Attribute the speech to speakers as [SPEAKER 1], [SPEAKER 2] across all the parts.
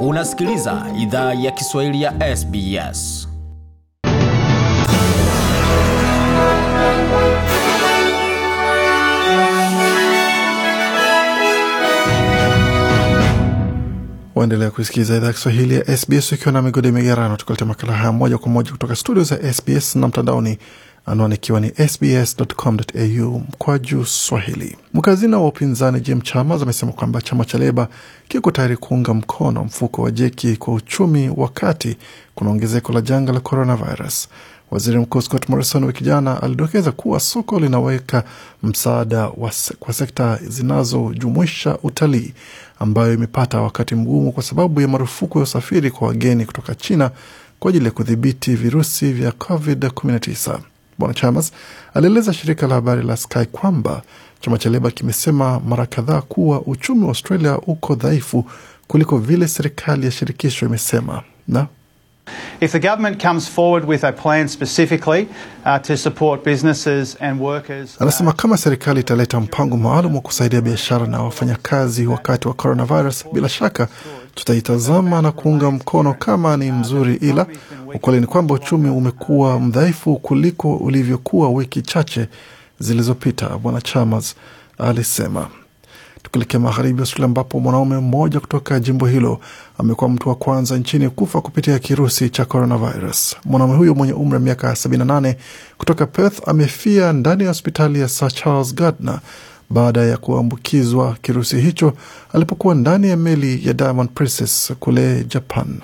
[SPEAKER 1] Unasikiliza idhaa ya Kiswahili ya SBS. Waendelea kusikiliza idhaa ya Kiswahili ya SBS ukiwa na migodi migerano, tukuletea makala haya moja kwa moja kutoka studio za SBS na mtandaoni anwani ikiwa ni sbs.com.au mkwa juu Swahili. Mkazina wa upinzani Jim Chalmers amesema kwamba chama cha Leba kiko tayari kuunga mkono mfuko wa jeki kwa uchumi wakati kuna ongezeko la janga la coronavirus. Waziri Mkuu Scott Morrison wiki jana alidokeza kuwa soko linaweka msaada kwa sekta zinazojumuisha utalii ambayo imepata wakati mgumu kwa sababu ya marufuku ya usafiri kwa wageni kutoka China kwa ajili ya kudhibiti virusi vya COVID-19. Bwana Chamas alieleza shirika la habari la Sky kwamba chama cha Leba kimesema mara kadhaa kuwa uchumi wa Australia uko dhaifu kuliko vile serikali ya shirikisho imesema na If the government comes forward with a plan specifically uh, to support businesses and workers. Uh, Anasema kama serikali italeta mpango maalum wa kusaidia biashara na wafanyakazi wakati wa coronavirus, bila shaka tutaitazama na kuunga mkono kama ni mzuri, ila ukweli ni kwamba uchumi umekuwa mdhaifu kuliko ulivyokuwa wiki chache zilizopita, Bwana Chalmers alisema. Tukielekea magharibi Australia ambapo mwanaume mmoja kutoka jimbo hilo amekuwa mtu wa kwanza nchini kufa kupitia kirusi cha coronavirus. Mwanaume huyo mwenye umri wa miaka 78 kutoka Perth amefia ndani ya hospitali ya Sir Charles Gardner baada ya kuambukizwa kirusi hicho alipokuwa ndani ya meli ya Diamond Princess kule Japan.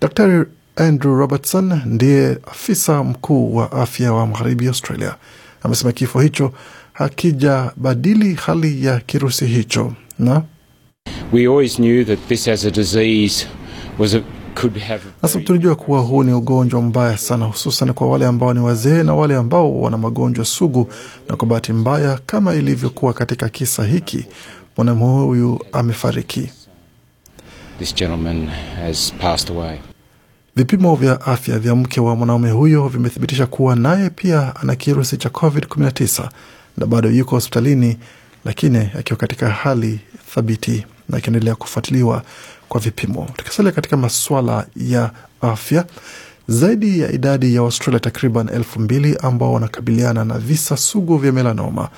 [SPEAKER 1] Daktari Andrew Robertson ndiye afisa mkuu wa afya wa magharibi Australia, amesema kifo hicho hakijabadili hali ya kirusi hicho na We sasa tunajua kuwa huu ni ugonjwa mbaya sana, hususan kwa wale ambao ni wazee na wale ambao wana magonjwa sugu. Na kwa bahati mbaya, kama ilivyokuwa katika kisa hiki, mwanamume huyu amefariki. Vipimo vya afya vya mke wa mwanaume huyo vimethibitisha kuwa naye pia ana kirusi cha COVID-19 na bado yuko hospitalini, lakini akiwa katika hali thabiti na akiendelea kufuatiliwa kwa vipimo. Tukisalia katika masuala ya afya, zaidi ya idadi ya Australia takriban elfu mbili ambao wanakabiliana na visa sugu vya melanoma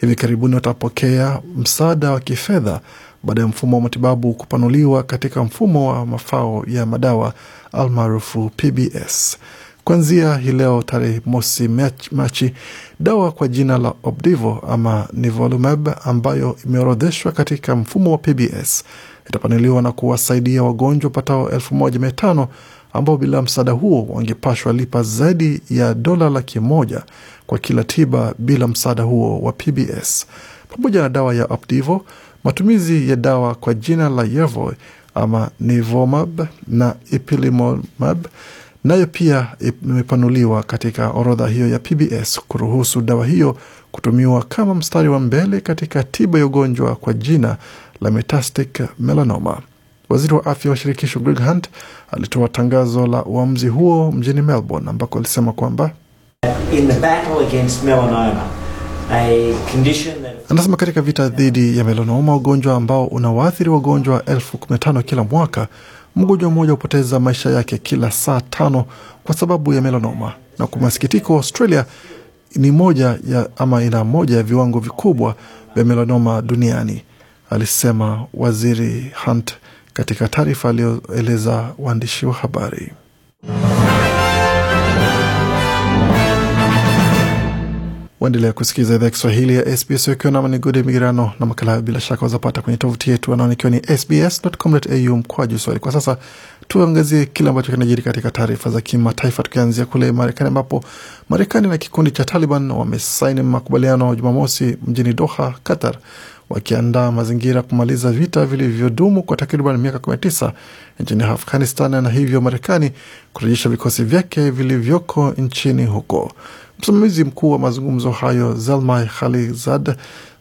[SPEAKER 1] hivi karibuni watapokea msaada wa kifedha baada ya mfumo wa matibabu kupanuliwa katika mfumo wa mafao ya madawa almaarufu PBS. Kuanzia hii leo tarehe mosi Machi, dawa kwa jina la Opdivo ama nivolumab ambayo imeorodheshwa katika mfumo wa PBS itapanuliwa na kuwasaidia wagonjwa patao elfu moja mia tano ambao bila msaada huo wangepashwa lipa zaidi ya dola laki moja kwa kila tiba bila msaada huo wa PBS pamoja na dawa ya Opdivo. Matumizi ya dawa kwa jina la Yervoy ama Nivomab na Ipilimumab nayo pia imepanuliwa katika orodha hiyo ya PBS kuruhusu dawa hiyo kutumiwa kama mstari wa mbele katika tiba ya ugonjwa kwa jina la metastic melanoma. Waziri wa afya wa shirikisho Greg Hunt alitoa tangazo la uamuzi huo mjini Melbourne, ambako alisema kwamba anasema katika vita dhidi ya melanoma, ugonjwa ambao unawaathiri wagonjwa elfu kumi na tano kila mwaka, mgonjwa mmoja hupoteza maisha yake kila saa tano kwa sababu ya melanoma. Na kwa masikitiko, Australia ni moja ya, ama ina moja ya viwango vikubwa vya melanoma duniani alisema Waziri Hunt katika taarifa aliyoeleza waandishi wa habari. Waendelea kusikiliza idhaa ya Kiswahili ya SBS ukiwa na Manigodi Migirano na makala hayo, bila shaka wazapata kwenye tovuti yetu anaonikiwa ni sbs.com.au juu swahili. Kwa sasa tuangazie kile ambacho kinajiri katika taarifa za kimataifa, tukianzia kule Marekani ambapo Marekani na kikundi cha Taliban wamesaini makubaliano Jumamosi mjini Doha, Qatar, wakiandaa mazingira kumaliza vita vilivyodumu kwa takriban miaka 19 nchini Afghanistan na hivyo Marekani kurejesha vikosi vyake vilivyoko nchini huko. Msimamizi mkuu wa mazungumzo hayo Zalmai khalizad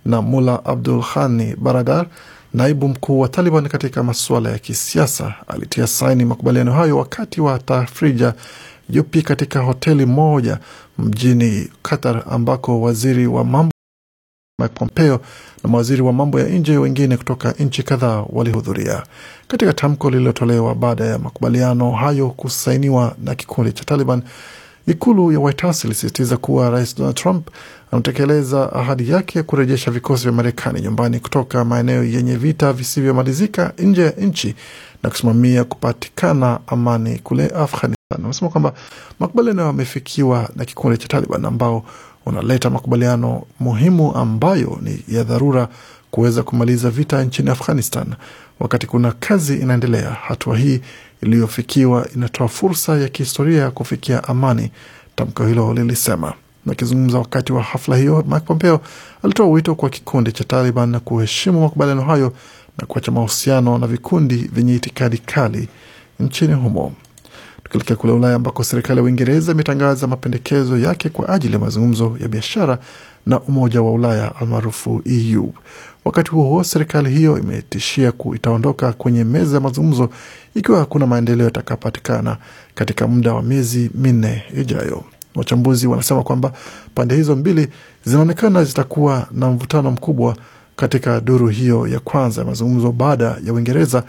[SPEAKER 1] na Mula Abdul hani Baradar, naibu mkuu wa Taliban katika masuala ya kisiasa, alitia saini makubaliano hayo wakati wa tafrija yupi katika hoteli moja mjini Qatar ambako waziri wa mambo Mike Pompeo na mawaziri wa mambo ya nje wengine kutoka nchi kadhaa walihudhuria. Katika tamko lililotolewa baada ya makubaliano hayo kusainiwa na kikundi cha Taliban, ikulu ya White House ilisisitiza kuwa Rais Donald Trump anatekeleza ahadi yake ya kurejesha vikosi vya Marekani nyumbani kutoka maeneo yenye vita visivyomalizika nje ya nchi na kusimamia kupatikana amani kule Afghanistan. Amesema kwamba makubaliano yamefikiwa na kikundi cha Taliban ambao unaleta makubaliano muhimu ambayo ni ya dharura kuweza kumaliza vita nchini Afghanistan wakati kuna kazi inaendelea. Hatua hii iliyofikiwa inatoa fursa ya kihistoria ya kufikia amani, tamko hilo lilisema. Akizungumza wakati wa hafla hiyo, Mike Pompeo alitoa wito kwa kikundi cha Taliban na kuheshimu makubaliano hayo na kuacha mahusiano na vikundi vyenye itikadi kali nchini humo. Tukielekea kule Ulaya ambako serikali ya Uingereza imetangaza mapendekezo yake kwa ajili ya mazungumzo ya biashara na Umoja wa Ulaya almaarufu EU. Wakati huo huo, serikali hiyo imetishia itaondoka kwenye meza ya mazungumzo ikiwa hakuna maendeleo yatakapatikana katika muda wa miezi minne ijayo. Wachambuzi wanasema kwamba pande hizo mbili zinaonekana zitakuwa na mvutano mkubwa katika duru hiyo ya kwanza ya mazungumzo baada ya Uingereza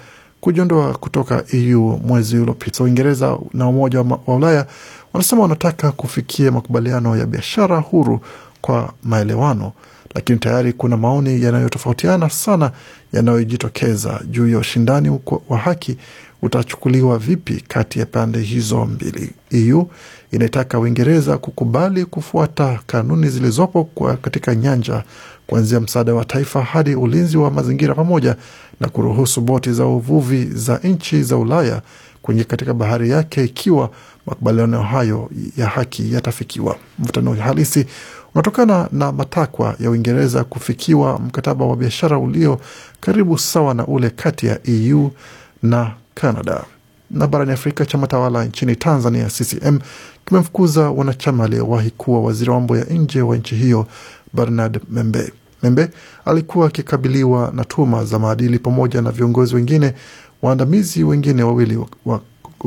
[SPEAKER 1] kujiondoa kutoka EU mwezi uliopita. Uingereza na Umoja wa Ulaya wanasema wanataka kufikia makubaliano ya biashara huru kwa maelewano, lakini tayari kuna maoni yanayotofautiana sana yanayojitokeza juu ya ushindani wa haki utachukuliwa vipi kati ya pande hizo mbili. EU inaitaka Uingereza kukubali kufuata kanuni zilizopo katika nyanja kuanzia msaada wa taifa hadi ulinzi wa mazingira pamoja na kuruhusu boti za uvuvi za nchi za Ulaya kuingia katika bahari yake ikiwa makubaliano hayo ya haki yatafikiwa. Mvutano halisi unatokana na matakwa ya Uingereza kufikiwa mkataba wa biashara ulio karibu sawa na ule kati ya EU na Canada. Na barani Afrika, chama tawala nchini Tanzania CCM kimemfukuza wanachama aliyewahi kuwa waziri wa mambo ya nje wa nchi hiyo Bernard Membe. Membe alikuwa akikabiliwa na tuhuma za maadili pamoja na viongozi wengine waandamizi wengine wawili wa, wa,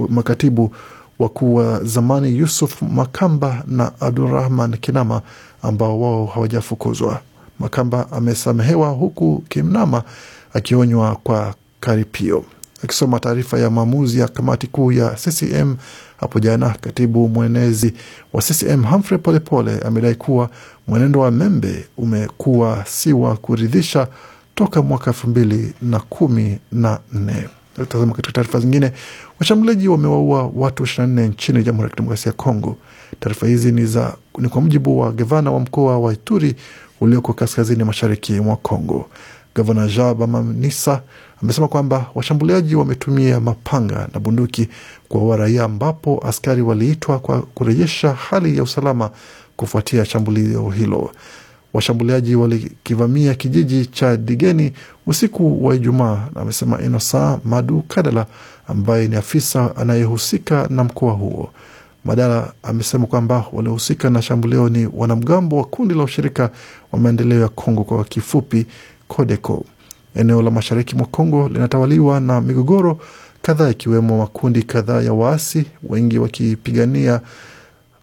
[SPEAKER 1] makatibu wakuu wa zamani Yusuf Makamba na Abdurahman Kinama ambao wao hawajafukuzwa. Makamba amesamehewa huku Kinama akionywa kwa karipio. Akisoma taarifa ya maamuzi ya kamati kuu ya CCM hapo jana, katibu mwenezi wa CCM Humphrey Polepole amedai kuwa mwenendo wa Membe umekuwa si wa kuridhisha toka mwaka elfu mbili na kumi na nne. Tazama katika taarifa zingine, washambuliaji wamewaua watu 24 nchini Jamhuri ya Kidemokrasia ya Kongo. Taarifa hizi ni, za, ni kwa mujibu wa gavana wa mkoa wa Ituri ulioko kaskazini mashariki mwa Kongo. Gavana Ja Bamanisa amesema kwamba washambuliaji wametumia mapanga na bunduki kwa raia, ambapo askari waliitwa kwa kurejesha hali ya usalama kufuatia shambulio hilo. Washambuliaji walikivamia kijiji cha Digeni usiku wa Ijumaa, amesema Inosa Madu Kadala ambaye ni afisa anayehusika na mkoa huo. Madala amesema kwamba waliohusika na shambulio ni wanamgambo wa kundi la ushirika wa maendeleo ya Kongo kwa kifupi Kodeko. Eneo la mashariki mwa Kongo linatawaliwa na migogoro kadhaa, ikiwemo makundi kadhaa ya waasi, wengi wakipigania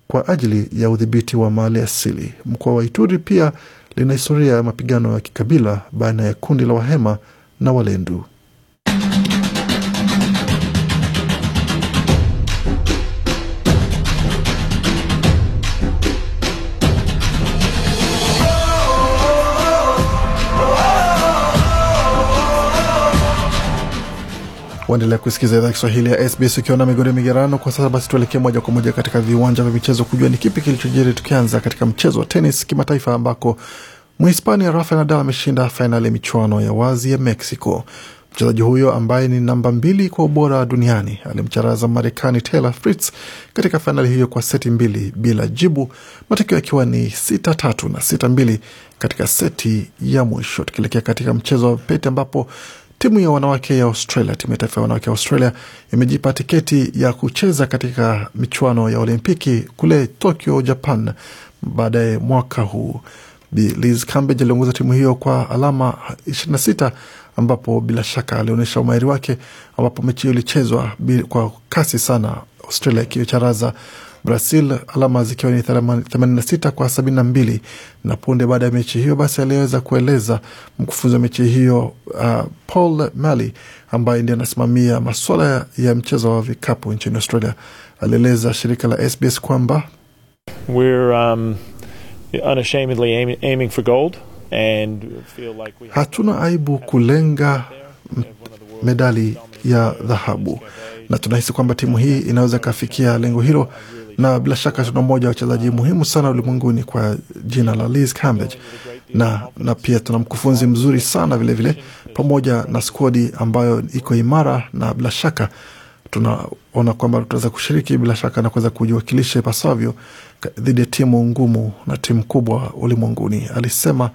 [SPEAKER 1] kwa ajili ya udhibiti wa mali asili. Mkoa wa Ituri pia lina historia ya mapigano ya kikabila baina ya kundi la Wahema na Walendu. Waendelea kusikiza idhaa Kiswahili ya SBS ukiwa na migodi migerano kwa sasa. Basi tuelekee moja kwa moja katika viwanja vya michezo kujua ni kipi kilichojiri, tukianza katika mchezo wa tenis kimataifa ambako Mhispania Rafael Nadal ameshinda fainali ya michuano ya wazi ya Mexico. Mchezaji huyo ambaye ni namba mbili kwa ubora duniani alimcharaza Marekani Taylor Fritz katika fainali hiyo kwa seti mbili bila jibu, matokeo yakiwa ni sita tatu na sita mbili katika seti ya mwisho. Tukielekea katika mchezo wa pete ambapo Timu ya wanawake ya Australia, timu ya taifa ya wanawake ya Australia imejipa tiketi ya kucheza katika michuano ya Olimpiki kule Tokyo, Japan baadaye mwaka huu. Liz Cambage aliongoza timu hiyo kwa alama 26 ambapo bila shaka alionyesha umahiri wake, ambapo mechi hiyo ilichezwa kwa kasi sana, Australia ikiyocharaza Brazil alama zikiwa ni 86 kwa 72. Na punde baada ya mechi hiyo basi aliweza kueleza mkufunzi wa mechi hiyo uh, Paul Malley ambaye ndiye anasimamia masuala ya mchezo wa vikapu nchini Australia alieleza shirika la SBS kwamba um, hatuna aibu kulenga medali ya dhahabu na tunahisi kwamba timu hii inaweza ikafikia lengo hilo, na bila shaka tuna mmoja wa wachezaji muhimu sana ulimwenguni kwa jina la Liz Cambage, na, na pia tuna mkufunzi mzuri sana vilevile vile, pamoja na skodi ambayo iko imara, na bila shaka tunaona kwamba tutaweza kushiriki bila shaka na kuweza kujiwakilisha ipasavyo dhidi ya timu ngumu na timu kubwa ulimwenguni, alisema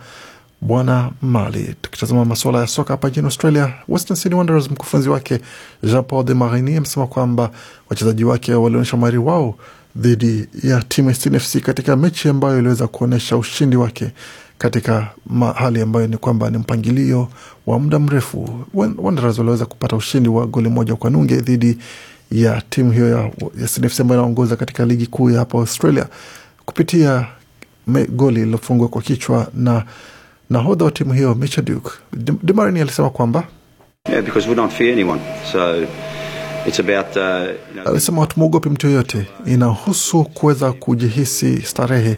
[SPEAKER 1] bwana Mali. Tukitazama masuala ya soka hapa nchini Australia, Western Sydney Wanderers, mkufunzi wake Jean Paul de Marini amesema kwamba wachezaji wake walionyesha umahiri wao dhidi ya timu ya Sydney FC katika mechi ambayo iliweza kuonyesha ushindi wake katika hali ambayo ni kwamba ni mpangilio wa muda mrefu. Wanderers waliweza kupata ushindi wa goli moja kwa nunge dhidi ya timu hiyo ya, ya Sydney FC ambayo inaongoza katika ligi kuu ya hapa Australia kupitia goli lilofungwa kwa kichwa na Nahodha wa timu hiyo Micha Duke Demarini alisema kwamba uh, alisema hatumwogopi mtu yoyote, inahusu kuweza kujihisi starehe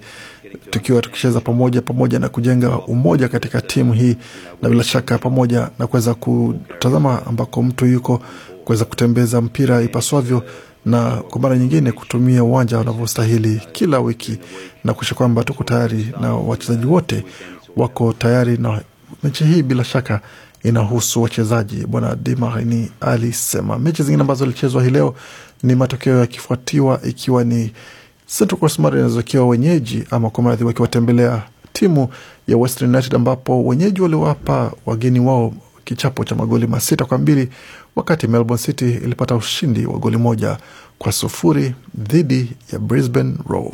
[SPEAKER 1] tukiwa tukicheza pamoja pamoja na kujenga umoja katika timu hii, na bila shaka pamoja na kuweza kutazama ambako mtu yuko, kuweza kutembeza mpira ipaswavyo, na kwa mara nyingine kutumia uwanja unavyostahili kila wiki, na kuisha kwamba tuko tayari na wachezaji wote wako tayari na mechi hii bila shaka inahusu wachezaji. Bwana Di alisema mechi zingine ambazo ilichezwa hii leo ni matokeo yakifuatiwa, ikiwa ni Central Coast Mariners wakiwa wenyeji ama kwa mradhi wakiwatembelea timu ya Western United, ambapo wenyeji waliwapa wageni wao kichapo cha magoli masita kwa mbili, wakati Melbourne City ilipata ushindi wa goli moja kwa sufuri dhidi ya Brisbane Roar.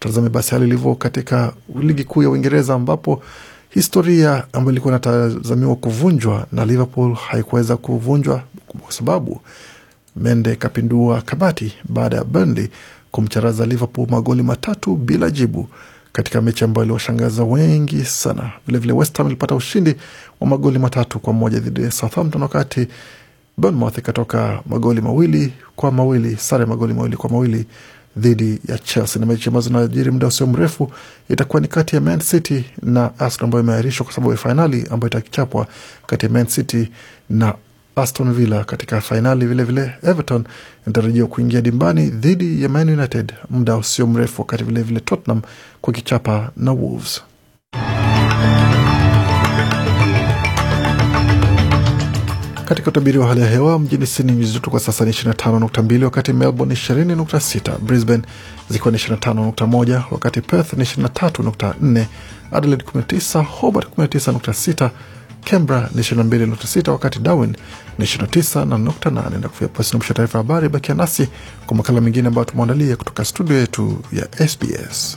[SPEAKER 1] Tutazame basi hali ilivyo katika ligi kuu ya Uingereza ambapo historia ambayo ilikuwa inatazamiwa kuvunjwa na Liverpool haikuweza kuvunjwa kwa sababu Mende kapindua kabati baada ya Burnley kumcharaza Liverpool magoli matatu bila jibu katika mechi ambayo iliwashangaza wengi sana. Vilevile West Ham ilipata ushindi wa magoli matatu kwa moja dhidi ya Southampton, wakati Bournemouth ikatoka magoli mawili kwa mawili sare magoli mawili kwa mawili dhidi ya Chelsea na mechi ambazo zinajiri muda usio mrefu itakuwa ni kati ya Man City na Arsenal ambayo imeahirishwa kwa sababu ya fainali ambayo itachapwa kati ya Man City na Aston Villa katika fainali. Vilevile Everton inatarajiwa kuingia dimbani dhidi ya Man United muda usio mrefu, wakati vilevile Tottenham kwa kichapa na Wolves. Katika utabiri wa hali ya hewa mjini Sydney nyuzi joto kwa sasa ni 25.2, wakati Melbourne 20.6, Brisbane zikiwa ni 25.1, wakati Perth ni 23.4, Adelaide 19, Hobart 19.6, Canberra ni 22.6, wakati Darwin ni 29.8. Na kufikia pasi na mwisho taarifa habari. Bakia nasi kwa makala mengine ambayo tumeandalia kutoka studio yetu ya SBS.